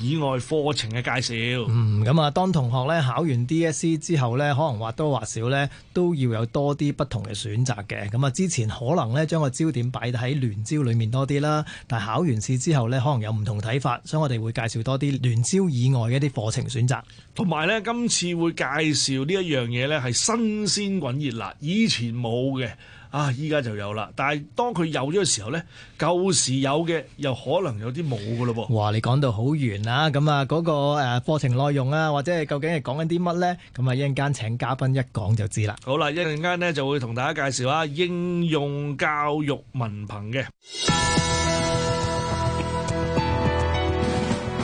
以外課程嘅介紹，嗯，咁啊，當同學咧考完 DSE 之後咧，可能或多或少咧都要有多啲不同嘅選擇嘅。咁啊，之前可能咧將個焦點擺喺聯招裏面多啲啦，但係考完試之後咧，可能有唔同睇法，所以我哋會介紹多啲聯招以外嘅一啲課程選擇，同埋咧今次會介紹呢一樣嘢咧係新鮮滾熱辣，以前冇嘅。啊！依家就有啦，但係當佢有咗嘅時候咧，舊時有嘅又可能有啲冇噶咯噃。哇！你講到好遠啊，咁啊嗰個誒課程內容啊，或者係究竟係講緊啲乜咧？咁啊一陣間請嘉賓一講就知啦。好啦，一陣間咧就會同大家介紹下應用教育文憑嘅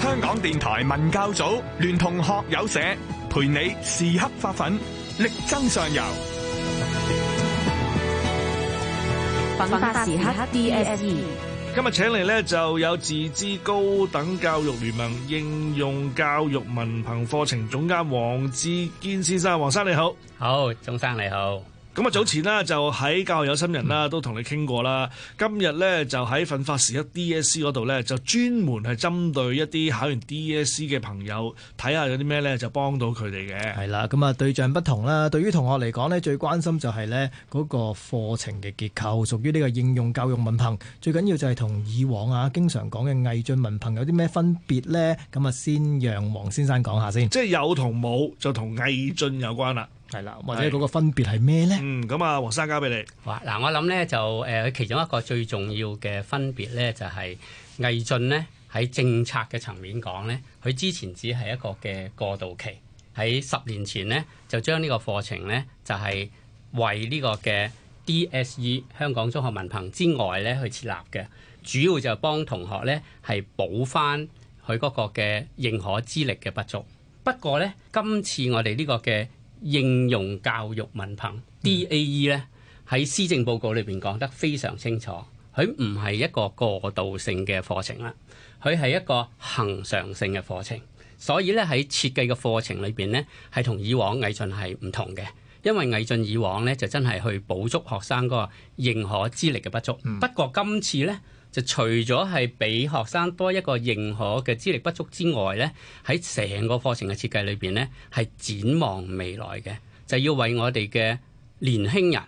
香港電台文教組聯同學友社，陪你時刻發奮，力爭上游。奮發時刻 DSE，今日請嚟咧就有自資高等教育聯盟應用教育文憑課程總監黃志堅先生。黃生你好，好，鍾生你好。咁啊，早前呢，就喺教育有心人啦，都同你傾過啦。今日呢，就喺憤發時一 DSC 嗰度呢，就專門係針對一啲考完 DSC 嘅朋友睇下有啲咩呢，就幫到佢哋嘅。係啦，咁啊，對象不同啦。對於同學嚟講呢，最關心就係呢嗰個課程嘅結構，屬於呢個應用教育文憑。最緊要就係同以往啊，經常講嘅毅進文憑有啲咩分別呢？咁啊，先讓黃先生講下先。即係有同冇，就同毅進有關啦。係啦，或者嗰個分別係咩呢？嗯，咁啊，黃生交俾你。嗱，我諗呢就誒、呃，其中一個最重要嘅分別呢，就係毅進呢。喺政策嘅層面講呢，佢之前只係一個嘅過渡期，喺十年前呢，就將呢個課程呢，就係、是、為呢個嘅 DSE 香港中學文憑之外呢去設立嘅，主要就幫同學呢，係補翻佢嗰個嘅認可資歷嘅不足。不過呢，今次我哋呢個嘅應用教育文憑 DAE 咧，喺施政報告裏邊講得非常清楚，佢唔係一個過渡性嘅課程啦，佢係一個恒常性嘅課程。所以咧，喺設計嘅課程裏邊咧，係同以往毅進係唔同嘅，因為毅進以往咧，就真係去補足學生嗰個認可資歷嘅不足。嗯、不過今次咧，就除咗係俾學生多一個認可嘅資歷不足之外咧，喺成個課程嘅設計裏邊，咧，係展望未來嘅，就要為我哋嘅年輕人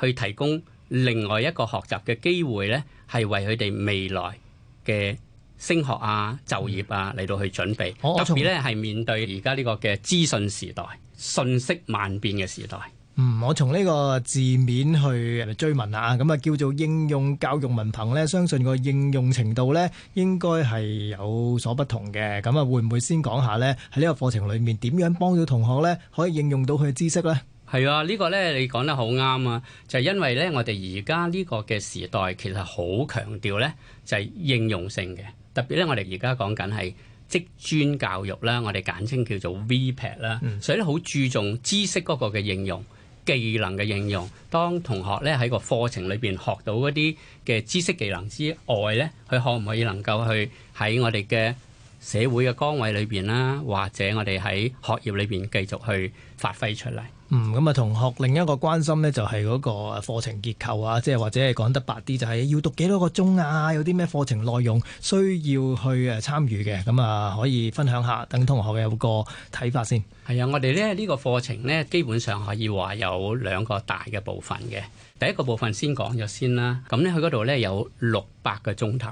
去提供另外一個學習嘅機會呢，咧，係為佢哋未來嘅升學啊、就業啊嚟到去準備，嗯哦、特別咧係面對而家呢個嘅資訊時代、信息萬變嘅時代。唔、嗯，我從呢個字面去追問啊，咁啊叫做應用教育文憑咧，相信個應用程度咧應該係有所不同嘅。咁啊，會唔會先講下呢？喺呢個課程裏面點樣幫到同學呢？可以應用到佢嘅知識呢？係啊，呢、呢個呢，你講得好啱啊！就係、因為呢，我哋而家呢個嘅時代其實好強調呢，就係、是、應用性嘅。特別呢，我哋而家講緊係職專教育啦，我哋簡稱叫做 VPET 啦、嗯，所以咧好注重知識嗰個嘅應用。技能嘅應用，當同學咧喺個課程裏邊學到嗰啲嘅知識技能之外咧，佢可唔可以能夠去喺我哋嘅社會嘅崗位裏邊啦，或者我哋喺學業裏邊繼續去發揮出嚟？嗯，咁啊，同學另一個關心呢就係、是、嗰個課程結構啊，即係或者係講得白啲，就係、是、要讀幾多個鐘啊？有啲咩課程內容需要去誒參與嘅？咁啊，可以分享下，等同學有個睇法先。係啊，我哋咧呢、呢個課程呢，基本上可以話有兩個大嘅部分嘅。第一個部分先講咗先啦。咁呢，佢嗰度呢，有六百個鐘頭。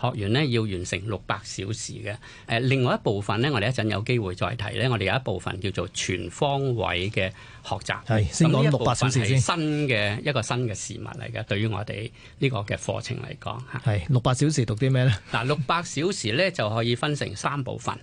學員咧要完成六百小時嘅。誒另外一部分咧，我哋一陣有機會再提咧，我哋有一部分叫做全方位嘅學習。係，先講六百小時先。係新嘅一個新嘅事物嚟嘅，對於我哋呢個嘅課程嚟講吓。係六百小時讀啲咩咧？嗱，六百小時咧就可以分成三部分。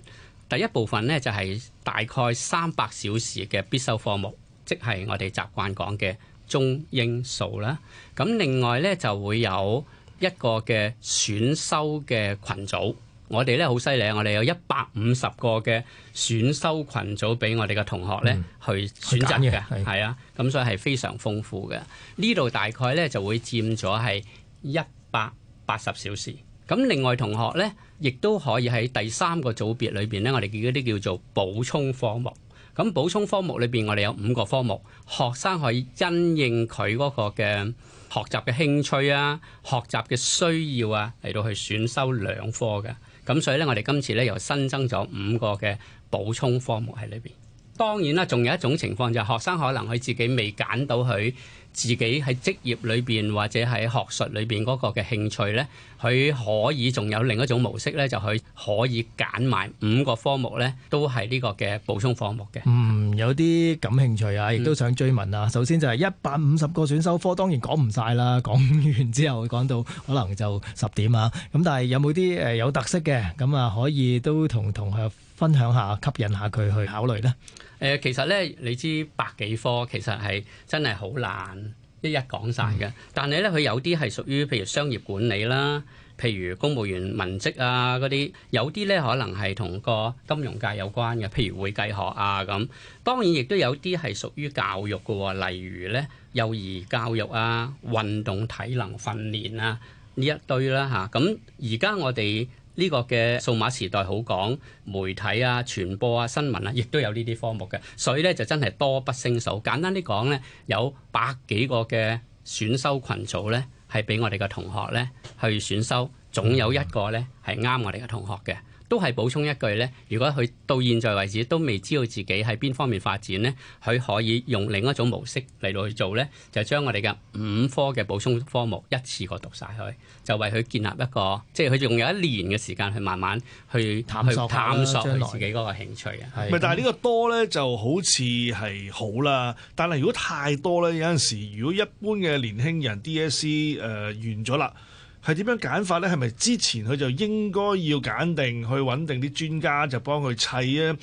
第一部分咧就係大概三百小時嘅必修科目，即係我哋習慣講嘅中英數啦。咁另外咧就會有。一個嘅選修嘅群組，我哋咧好犀利，我哋有一百五十個嘅選修群組俾我哋嘅同學咧、嗯、去選擇嘅，係啊，咁的所以係非常豐富嘅。呢度大概咧就會佔咗係一百八十小時。咁另外同學咧，亦都可以喺第三個組別裏邊咧，我哋叫嗰啲叫做補充科目。咁補充科目裏邊，我哋有五個科目，學生可以因應佢嗰個嘅學習嘅興趣啊，學習嘅需要啊，嚟到去選修兩科嘅。咁所以咧，我哋今次咧又新增咗五個嘅補充科目喺裏邊。當然啦，仲有一種情況就係學生可能佢自己未揀到佢自己喺職業裏邊或者喺學術裏邊嗰個嘅興趣咧。佢可以仲有另一種模式咧，就佢可以揀埋五個科目咧，都係呢個嘅補充科目嘅。嗯，有啲感興趣啊，亦都想追問啊。嗯、首先就係一百五十個選修科，當然講唔晒啦。講完之後講到可能就十點啊。咁但係有冇啲誒有特色嘅咁啊，可以都同同學分享下，吸引下佢去考慮咧？誒、呃，其實咧，你知百幾科其實係真係好難。一一講晒嘅，但係咧佢有啲係屬於譬如商業管理啦，譬如公務員文職啊嗰啲，有啲咧可能係同個金融界有關嘅，譬如會計學啊咁。當然亦都有啲係屬於教育嘅喎，例如咧幼兒教育啊、運動體能訓練啊呢一堆啦吓。咁而家我哋。呢個嘅數碼時代好講，媒體啊、傳播啊、新聞啊，亦都有呢啲科目嘅，所以咧就真係多不勝數。簡單啲講咧，有百幾個嘅選修群組咧，係俾我哋嘅同學咧去選修，總有一個咧係啱我哋嘅同學嘅。都係補充一句咧，如果佢到現在為止都未知道自己喺邊方面發展咧，佢可以用另一種模式嚟到去做咧，就將我哋嘅五科嘅補充科目一次過讀晒，佢，就為佢建立一個，即係佢仲有一年嘅時間去慢慢去探索，探索佢自己嗰個興趣啊。唔係，但係呢個多咧就好似係好啦，但係如果太多咧，有陣時如果一般嘅年輕人 DSE 誒完咗啦。係點樣揀法呢？係咪之前佢就應該要揀定去揾定啲專家就幫佢砌咧？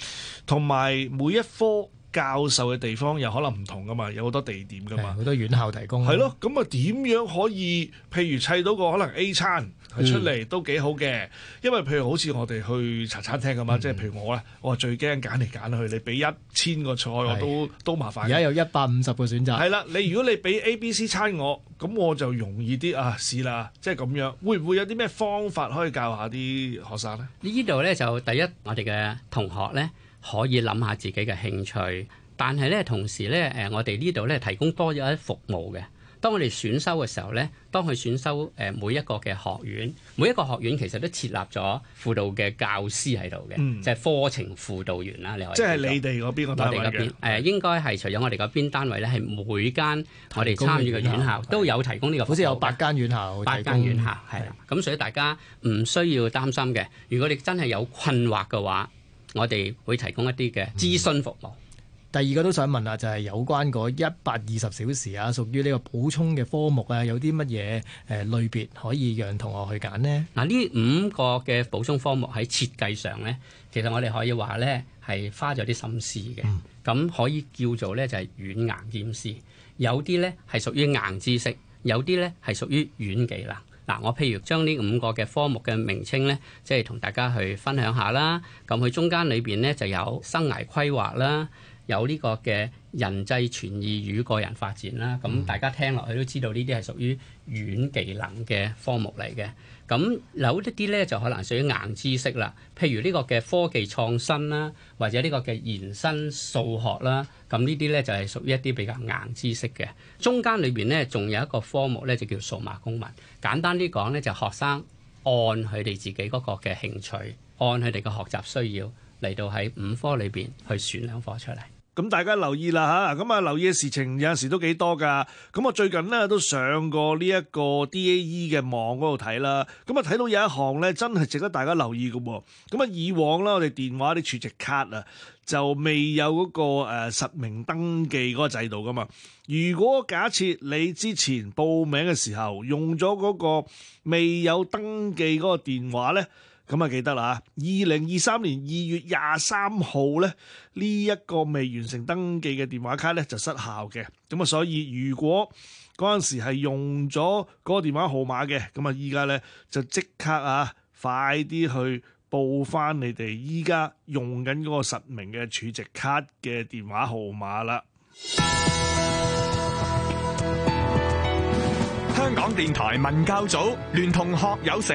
同埋每一科教授嘅地方有可能唔同噶嘛，有好多地點噶嘛，好多院校提供、嗯。係咯，咁啊點樣可以？譬如砌到個可能 A 餐。出嚟都幾好嘅，因為譬如好似我哋去茶餐廳咁啊，嗯、即係譬如我咧，我最驚揀嚟揀去，你俾一千個菜我都的都麻煩。而家有一百五十個選擇。係啦，你如果你俾 A、B、C 餐我，咁我就容易啲啊，試啦，即係咁樣。會唔會有啲咩方法可以教下啲學生呢？呢度呢，就第一，我哋嘅同學呢，可以諗下自己嘅興趣，但係呢，同時呢，誒我哋呢度呢，提供多咗一啲服務嘅。當我哋選修嘅時候呢，當佢選修誒每一個嘅學院，每一個學院其實都設立咗輔導嘅教師喺度嘅，嗯、就係課程輔導員啦。你即係你哋嗰邊個單位嘅、我哋嗰邊、呃、應該係除咗我哋嗰邊單位呢，係每間我哋參與嘅院校都有提供呢個。好似有八間院校，八間院校係啦。咁所以大家唔需要擔心嘅。如果你真係有困惑嘅話，我哋會提供一啲嘅諮詢服務。嗯第二個都想問啦，就係、是、有關嗰一百二十小時啊，屬於呢個補充嘅科目啊，有啲乜嘢誒類別可以讓同學去揀呢？嗱，呢五個嘅補充科目喺設計上呢，其實我哋可以話呢係花咗啲心思嘅，咁、嗯、可以叫做呢，就係軟硬兼施。有啲呢係屬於硬知識，有啲呢係屬於軟技能。嗱，我譬如將呢五個嘅科目嘅名稱呢，即係同大家去分享下啦。咁佢中間裏邊呢就有生涯規劃啦。有呢個嘅人際傳意與個人發展啦，咁大家聽落去都知道呢啲係屬於軟技能嘅科目嚟嘅。咁有一啲咧就可能屬於硬知識啦，譬如呢個嘅科技創新啦，或者呢個嘅延伸數學啦，咁呢啲咧就係屬於一啲比較硬知識嘅。中間裏邊咧仲有一個科目咧就叫數碼公民，簡單啲講咧就學生按佢哋自己嗰個嘅興趣，按佢哋嘅學習需要嚟到喺五科裏邊去選兩科出嚟。咁大家留意啦嚇，咁啊留意嘅事情有陣時都幾多噶。咁我最近咧都上過呢一個 DAE 嘅網嗰度睇啦。咁啊睇到有一項咧，真係值得大家留意嘅。咁啊以往咧，我哋電話啲儲值卡啊，就未有嗰個誒實名登記嗰個制度噶嘛。如果假設你之前報名嘅時候用咗嗰個未有登記嗰個電話咧，咁啊，就記得啦！二零二三年二月廿三號咧，呢、呢、一個未完成登記嘅電話卡咧就失效嘅。咁啊，所以如果嗰陣時係用咗嗰個電話號碼嘅，咁啊，依家咧就即刻啊，快啲去報翻你哋依家用緊嗰個實名嘅儲值卡嘅電話號碼啦！香港電台文教組聯同學友社。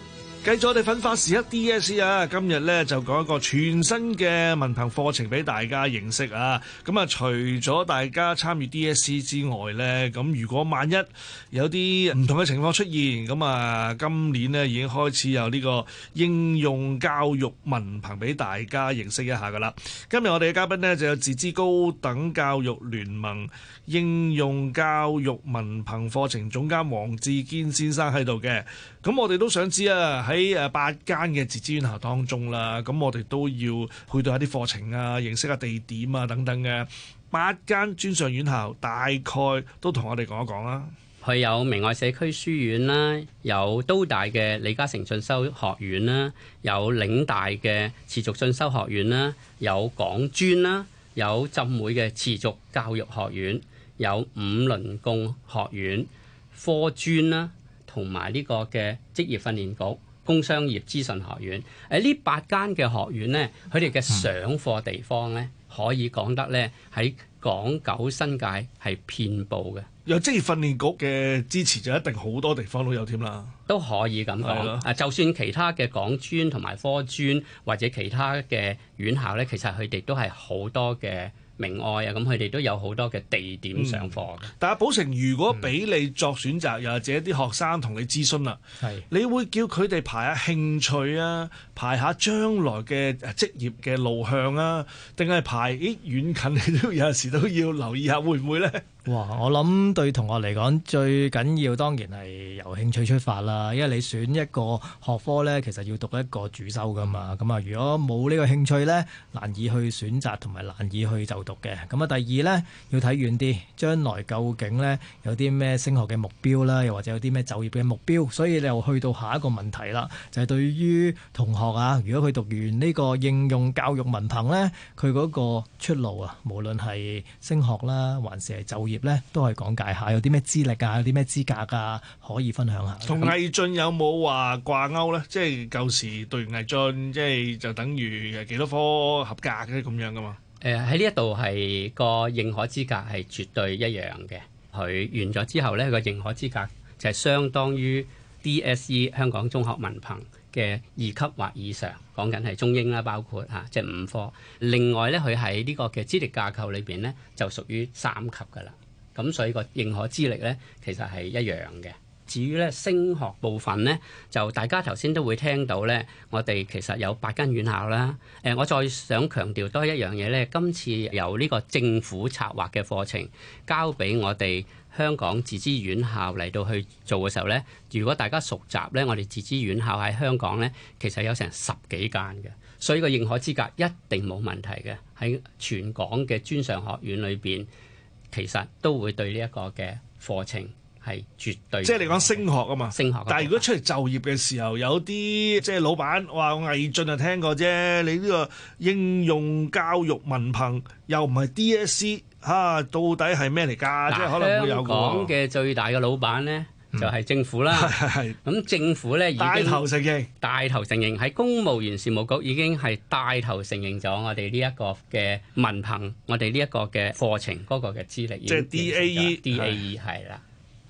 繼續我哋粉發時一 D S C 啊，DS，今日呢，就講一個全新嘅文憑課程俾大家認識啊。咁啊，除咗大家參與 D S C 之外呢，咁如果萬一有啲唔同嘅情況出現，咁啊，今年呢已經開始有呢個應用教育文憑俾大家認識一下噶啦。今日我哋嘅嘉賓呢，就有自資高等教育聯盟。應用教育文憑課程總監黃志堅先生喺度嘅，咁我哋都想知啊，喺誒八間嘅自資院校當中啦，咁我哋都要去到一啲課程啊，認識下地點啊等等嘅。八間專上院校大概都同我哋講一講啦。佢有明愛社區書院啦，有都大嘅李嘉誠進修學院啦，有嶺大嘅持續進修學院啦，有港專啦，有浸會嘅持續教育學院。有伍倫貢學院、科專啦，同埋呢個嘅職業訓練局、工商業資訊學院。喺、啊、呢八間嘅學院呢，佢哋嘅上課地方呢，可以講得呢喺港九新界係遍佈嘅。有職業訓練局嘅支持，就一定好多地方都有添啦。都可以咁講。誒係，就算其他嘅港專同埋科專，或者其他嘅院校呢，其實佢哋都係好多嘅。明愛啊，咁佢哋都有好多嘅地點上課嘅、嗯。但阿寶成，如果俾你作選擇，又或者啲學生同你諮詢啦，係是，你會叫佢哋排下興趣啊，排下將來嘅職業嘅路向啊，定係排咦遠近？你都有時都要留意下會會，會唔會咧？哇！我諗對同學嚟講，最緊要當然係由興趣出發啦。因為你選一個學科呢，其實要讀一個主修噶嘛。咁啊，如果冇呢個興趣呢，難以去選擇同埋難以去就讀嘅。咁啊，第二呢，要睇遠啲，將來究竟呢，有啲咩升學嘅目標啦，又或者有啲咩就業嘅目標。所以你又去到下一個問題啦，就係對於同學啊，如果佢讀完呢個應用教育文憑呢，佢嗰個出路啊，無論係升學啦，還是係就業業咧都係講解下，有啲咩資歷啊，有啲咩資格噶，可以分享下。同毅進有冇話掛鈎咧？即係舊時讀完毅進，即係就等於幾多科合格嘅咁樣噶嘛？誒，喺呢一度係個認可資格係絕對一樣嘅。佢完咗之後咧，個認可資格就係相當於 DSE 香港中學文憑嘅二級或以上，講緊係中英啦，包括吓即係五科。另外咧，佢喺呢個嘅資歷架構裏邊咧，就屬於三級噶啦。咁所以個認可資歷咧，其實，係一樣嘅。至於咧，升學部分咧，就大家頭先都會聽到咧，我哋其實有八間院校啦。誒、呃，我再想強調多一樣嘢咧，今次由呢個政府策劃嘅課程交俾我哋香港自資院校嚟到去做嘅時候咧，如果大家熟習咧，我哋自資院校喺香港咧，其實有成十幾間嘅，所以個認可資格一定冇問題嘅。喺全港嘅專上學院裏邊。其實都會對呢一個嘅課程係絕對，即係你講升學啊嘛。升學，但係如果出嚟就業嘅時候，有啲即係老闆話魏俊啊聽過啫，你呢個應用教育文憑又唔係 DSE 嚇、啊，到底係咩嚟㗎？啊、即係可能會有個香港嘅最大嘅老闆咧，就係政府啦，咁 政府咧已經帶頭承認，帶頭承認喺公務員事務局已經係帶頭承認咗我哋呢一個嘅文憑，我哋呢一個嘅課程嗰個嘅資歷。即係 DAE，DAE 係啦。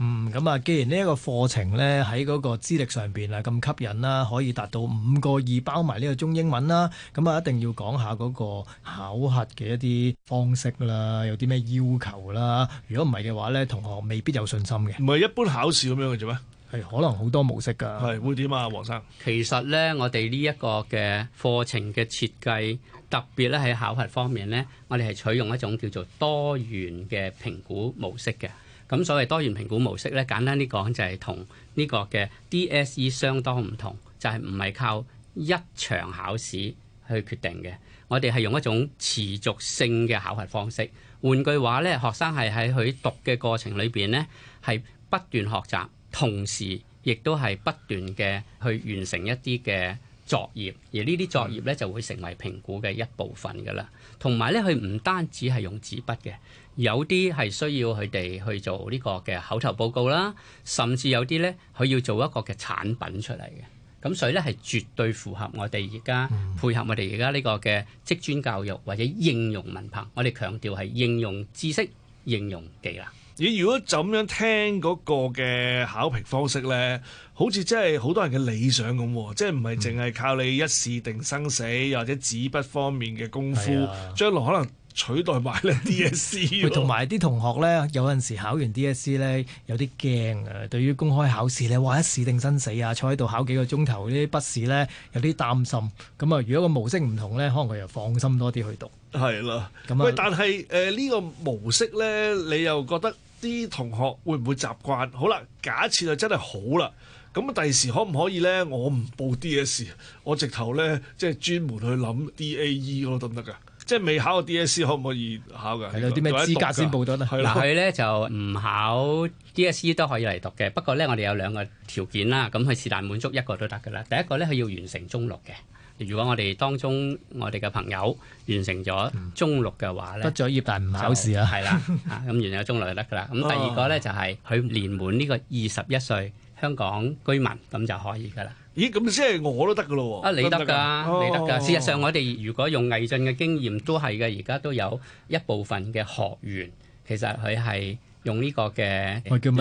嗯，咁啊，既然呢一個課程咧喺嗰個資歷上邊啊咁吸引啦，可以達到五個二包埋呢個中英文啦，咁啊一定要講下嗰個考核嘅一啲方式啦，有啲咩要求啦？如果唔係嘅話咧，同學未必有信心嘅。唔係一般考試咁樣嘅啫咩？係可能好多模式㗎。係會點啊，黃生？其實咧，我哋呢一個嘅課程嘅設計，特別咧喺考核方面咧，我哋係採用一種叫做多元嘅評估模式嘅。咁所謂多元評估模式咧，簡單啲講就係同呢個嘅 DSE 相當唔同，就係唔係靠一場考試去決定嘅。我哋係用一種持續性嘅考核方式。換句話咧，學生係喺佢讀嘅過程裏邊咧，係不斷學習，同時亦都係不斷嘅去完成一啲嘅作業，而呢啲作業咧就會成為評估嘅一部分㗎啦。同埋咧，佢唔單止係用紙筆嘅。有啲係需要佢哋去做呢個嘅口頭報告啦，甚至有啲呢，佢要做一個嘅產品出嚟嘅。咁所以呢，係絕對符合我哋而家配合我哋而家呢個嘅職專教育或者應用文憑，我哋強調係應用知識、應用技能。你如果咁樣聽嗰個嘅考評方式呢，好似真係好多人嘅理想咁喎，即係唔係淨係靠你一試定生死，又或者紙筆方面嘅功夫，啊、將來可能。取代埋咧 DSE 同埋啲同學咧，有陣時考完 DSE 咧有啲驚啊！對於公開考試咧，哇一試定生死啊！坐喺度考幾個鐘頭啲筆試咧，有啲擔心。咁啊，如果個模式唔同咧，可能佢又放心多啲去讀。係啦了，咁啊、嗯。但係誒呢個模式咧，你又覺得啲同學會唔會習慣？好啦，假設就真係好啦，咁啊第時可唔可以咧？我唔報 DSE，我直頭咧即係專門去諗 DAE 咯，得唔得㗎？即係未考過 DSE 可唔可以考㗎？係有啲咩資格先報得咧？嗱，佢咧就唔考 DSE 都可以嚟讀嘅。不過咧，我哋有兩個條件啦。咁佢是但滿足一個都得㗎啦。第一個咧，佢要完成中六嘅。如果我哋當中我哋嘅朋友完成咗中六嘅話咧，畢咗業但係唔考試啊，係啦。嚇咁完成中六就得㗎啦。咁第二個咧就係佢年滿呢個二十一歲香港居民咁就可以㗎啦。咦，咁先係我都得噶咯喎！啊，你得噶，你得噶。事實上，我哋如果用魏俊嘅經驗，都係嘅。而家都有一部分嘅學員，其實佢係用呢個嘅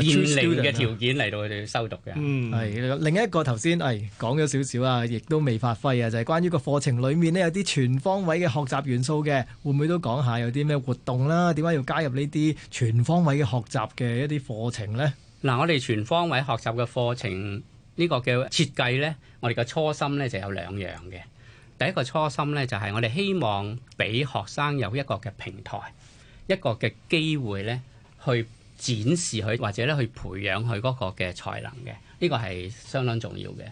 現時嘅條件嚟到修讀嘅。嗯，係另一個頭先，誒講咗少少啊，亦都未發揮啊，就係關於個課程裡面呢有啲全方位嘅學習元素嘅，會唔會都講下有啲咩活動啦？點解要加入呢啲全方位嘅學習嘅一啲課程咧？嗱，我哋全方位學習嘅課程。呢個叫設計呢，我哋個初心呢就有兩樣嘅。第一個初心呢，就係我哋希望俾學生有一個嘅平台，一個嘅機會呢去展示佢或者咧去培養佢嗰個嘅才能嘅。呢個係相當重要嘅。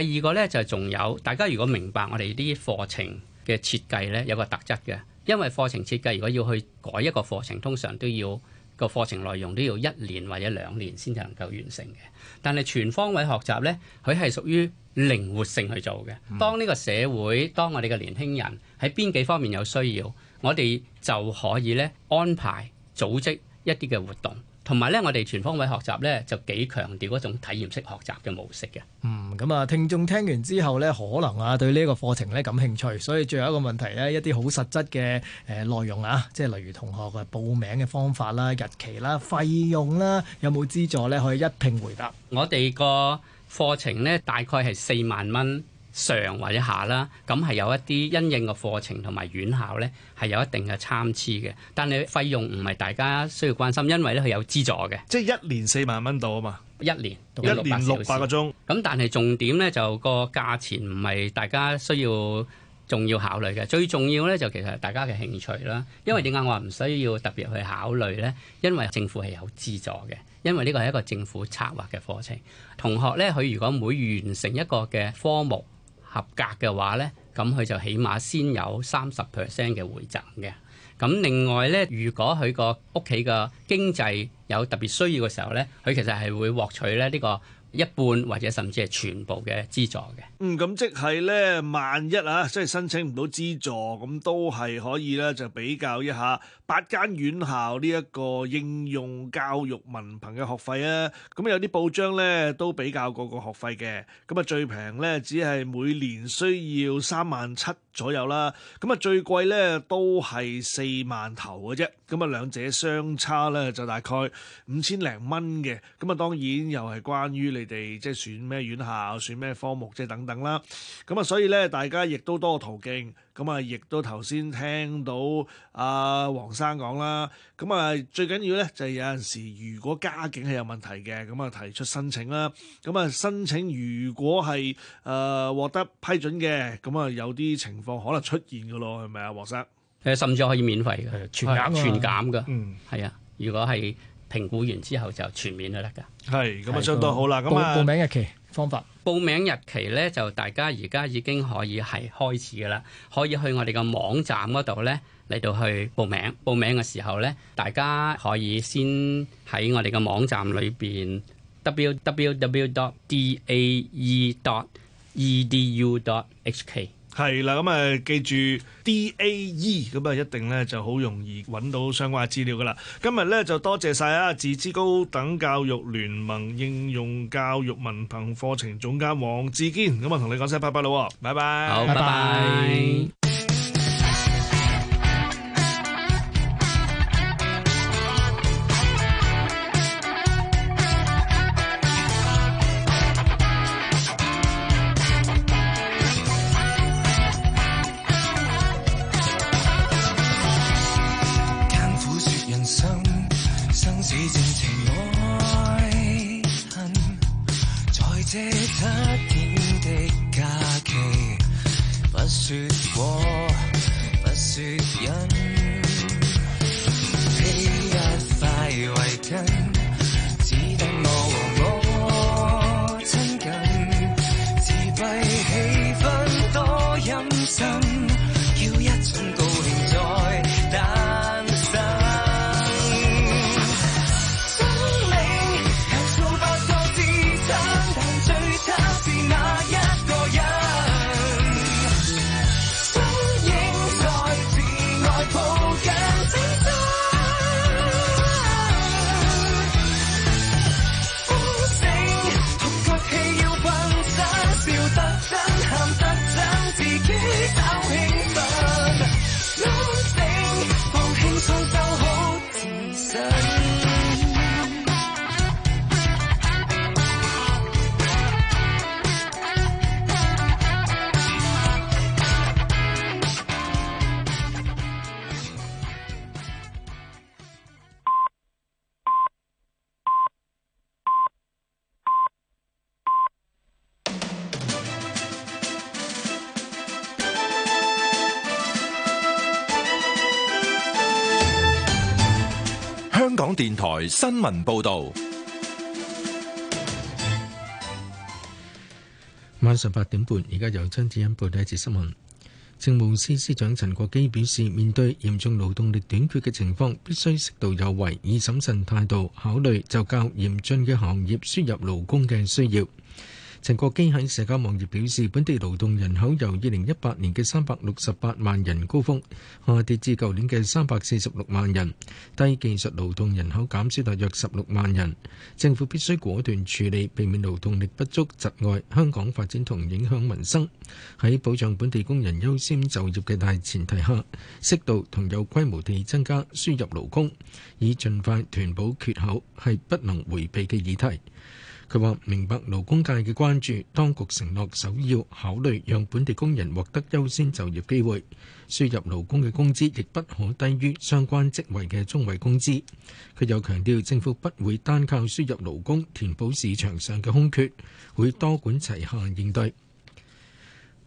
第二個呢，就係仲有，大家如果明白我哋啲課程嘅設計呢，有個特質嘅。因為課程設計如果要去改一個課程，通常都要。個課程內容都要一年或者兩年先至能夠完成嘅，但係全方位學習呢，佢係屬於靈活性去做嘅。當呢個社會，當我哋嘅年輕人喺邊幾方面有需要，我哋就可以呢安排組織一啲嘅活動。同埋咧，我哋全方位學習咧就幾強調嗰種體驗式學習嘅模式嘅。嗯，咁啊，聽眾聽完之後咧，可能啊對呢個課程咧感興趣，所以最後一個問題咧，一啲好實質嘅誒內容啊，即係例如同學嘅報名嘅方法啦、日期啦、費用啦，有冇資助咧？可以一並回答。我哋個課程呢，大概係四萬蚊。上或者下啦，咁係有一啲因應嘅課程同埋院校呢，係有一定嘅參差嘅。但係費用唔係大家需要關心，因為呢，佢有資助嘅。即係一年四萬蚊度啊嘛，一年一年六百個鐘。咁但係重點呢，就個價錢唔係大家需要重要考慮嘅。最重要呢，就其實大家嘅興趣啦。因為點解我話唔需要特別去考慮呢？嗯、因為政府係有資助嘅，因為呢個係一個政府策劃嘅課程。同學呢，佢如果每完成一個嘅科目，合格嘅話呢，咁佢就起碼先有三十 percent 嘅回贈嘅。咁另外呢，如果佢個屋企嘅經濟有特別需要嘅時候呢，佢其實係會獲取咧、這、呢個。一半或者甚至係全部嘅資助嘅。嗯，咁即係咧，萬一啊，即係申請唔到資助，咁都係可以咧，就比較一下八間院校呢一個應用教育文憑嘅學費啊。咁有啲報章咧都比較過個學費嘅。咁啊，最平咧只係每年需要三萬七。左右啦，咁啊，最貴咧都係四萬頭嘅啫，咁啊，兩者相差咧就大概五千零蚊嘅，咁啊，當然又係關於你哋即係選咩院校、選咩科目即係等等啦，咁啊，所以咧大家亦都多個途徑。咁啊，亦都頭先聽到阿黃生講啦。咁啊，最緊要咧就係有陣時，如果家境係有問題嘅，咁啊提出申請啦。咁啊申請，如果係誒獲得批准嘅，咁啊有啲情況可能出現嘅咯，係咪啊，黃生？誒甚至可以免費嘅，全減全減嘅。嗯，係啊。如果係評估完之後就全免都得㗎。係，咁啊相當好啦。咁啊報名日期。方法，報名日期咧就大家而家已經可以係開始嘅啦，可以去我哋嘅網站嗰度咧嚟到去報名。報名嘅時候咧，大家可以先喺我哋嘅網站裏邊 www.dae.edu.hk 係啦，咁啊，記住 D A E，咁啊，一定咧就好容易揾到相關嘅資料噶啦。今日咧就多謝晒啊！自資高等教育聯盟應用教育文憑課程總監黃志堅，咁啊，同你講聲拜拜咯！拜拜，好拜拜。拜拜。電台新聞報道，晚上八點半，而家由張志欣報第一節新聞。政務司司長陳國基表示，面對嚴重勞動力短缺嘅情況，必須適度有為，以審慎態度考慮就較嚴峻嘅行業輸入勞工嘅需要。陳國基喺社交網頁表示，本地勞動人口由二零一八年嘅三百六十八萬人高峰，下跌至舊年嘅三百四十六萬人，低技術勞動人口減少大約十六萬人。政府必須果斷處理，避免勞動力不足窒礙香港發展同影響民生。喺保障本地工人優先就業嘅大前提下，適度同有規模地增加輸入勞工，以盡快填補缺口，係不能迴避嘅議題。佢話明白勞工界嘅關注，當局承諾首要考慮讓本地工人獲得優先就業機會，輸入勞工嘅工資亦不可低於相關職位嘅中位工資，佢又強調政府不會單靠輸入勞工填補市場上嘅空缺，會多管齊下應對。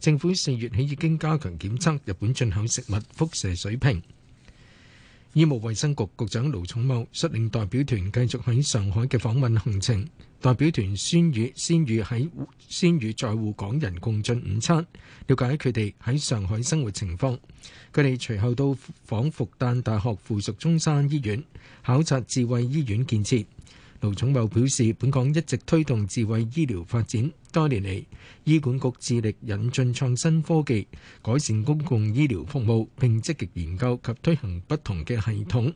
政府四月起已經加強檢測日本進口食物輻射水平。醫務衛生局局長盧寵茂率領代表團繼續喺上海嘅訪問行程。代表團先與先與喺先與在滬港人共進午餐，了解佢哋喺上海生活情況。佢哋隨後到訪復旦大學附屬中山醫院考察智慧醫院建設。盧寵茂表示，本港一直推動智慧醫療發展，多年嚟，醫管局致力引進創新科技，改善公共醫療服務，並積極研究及推行不同嘅系統，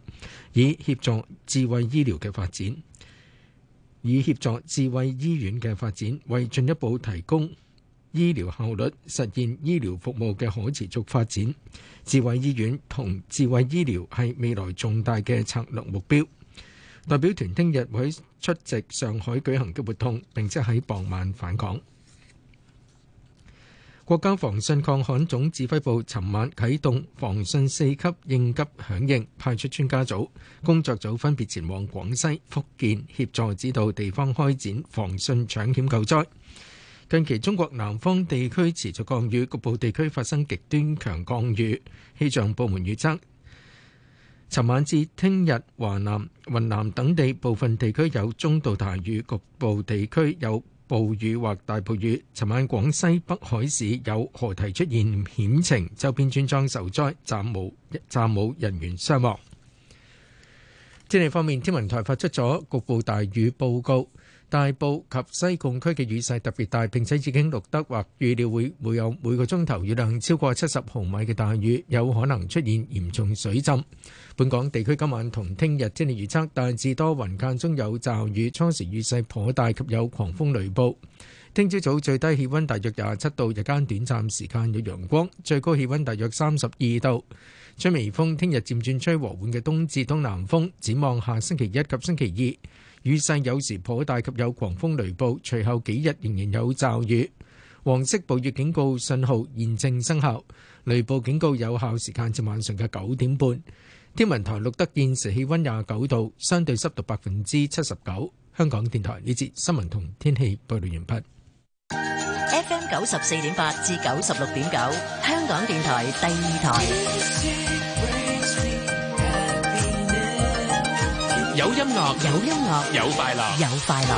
以協助智慧醫療嘅發展，以協助智慧醫院嘅發展，為進一步提供醫療效率，實現醫療服務嘅可持續發展。智慧醫院同智慧醫療係未來重大嘅策略目標。代表團聽日會出席上海舉行嘅活動，並且喺傍晚返港。國家防汛抗旱總指揮部尋晚啟動防汛四級應急響應，派出專家組、工作組分別前往廣西、福建協助指導地方開展防汛搶險救災。近期中國南方地區持續降雨，局部地區發生極端強降雨。氣象部門預測。尋晚至聽日，華南、雲南等地部分地區有中到大雨，局部地區有暴雨或大暴雨。尋晚廣西北海市有河堤出現險情，周邊村莊受災，暫冇暫冇人員傷亡。天氣方面，天文台發出咗局部大雨報告。大埔及西貢區嘅雨勢特別大，並且已經錄得或預料會會有每個鐘頭雨量超過七十毫米嘅大雨，有可能出現嚴重水浸。本港地區今晚同聽日天氣預測大致多雲間中有驟雨，初時雨勢頗大及有狂風雷暴。聽朝早最低氣溫大約廿七度，日間短暫時間有陽光，最高氣溫大約三十二度，吹微風。聽日漸轉吹和緩嘅東至東南風，展望下星期一及星期二，雨勢有時頗大及有狂風雷暴，隨後幾日仍然有驟雨。黃色暴雨警告信號現正生效，雷暴警告有效時間至晚上嘅九點半。天文台錄得現時氣溫廿九度，相對濕度百分之七十九。香港電台呢節新聞同天氣報道完畢。FM 九十四點八至九十六點九，香港電台第二台。有音樂，有音樂，有快樂，有快樂。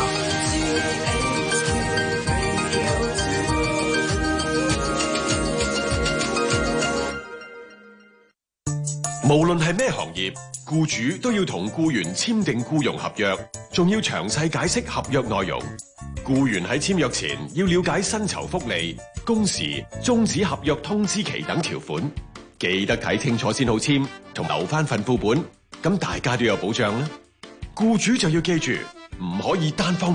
無論係咩行業，雇主都要同雇員簽訂雇傭合約，仲要詳細解釋合約內容。雇員喺簽約前要了解薪酬、福利、工時、終止合約通知期等條款，記得睇清楚先好簽，同留翻份副本，咁大家都有保障啦。僱主就要記住，唔可以單方。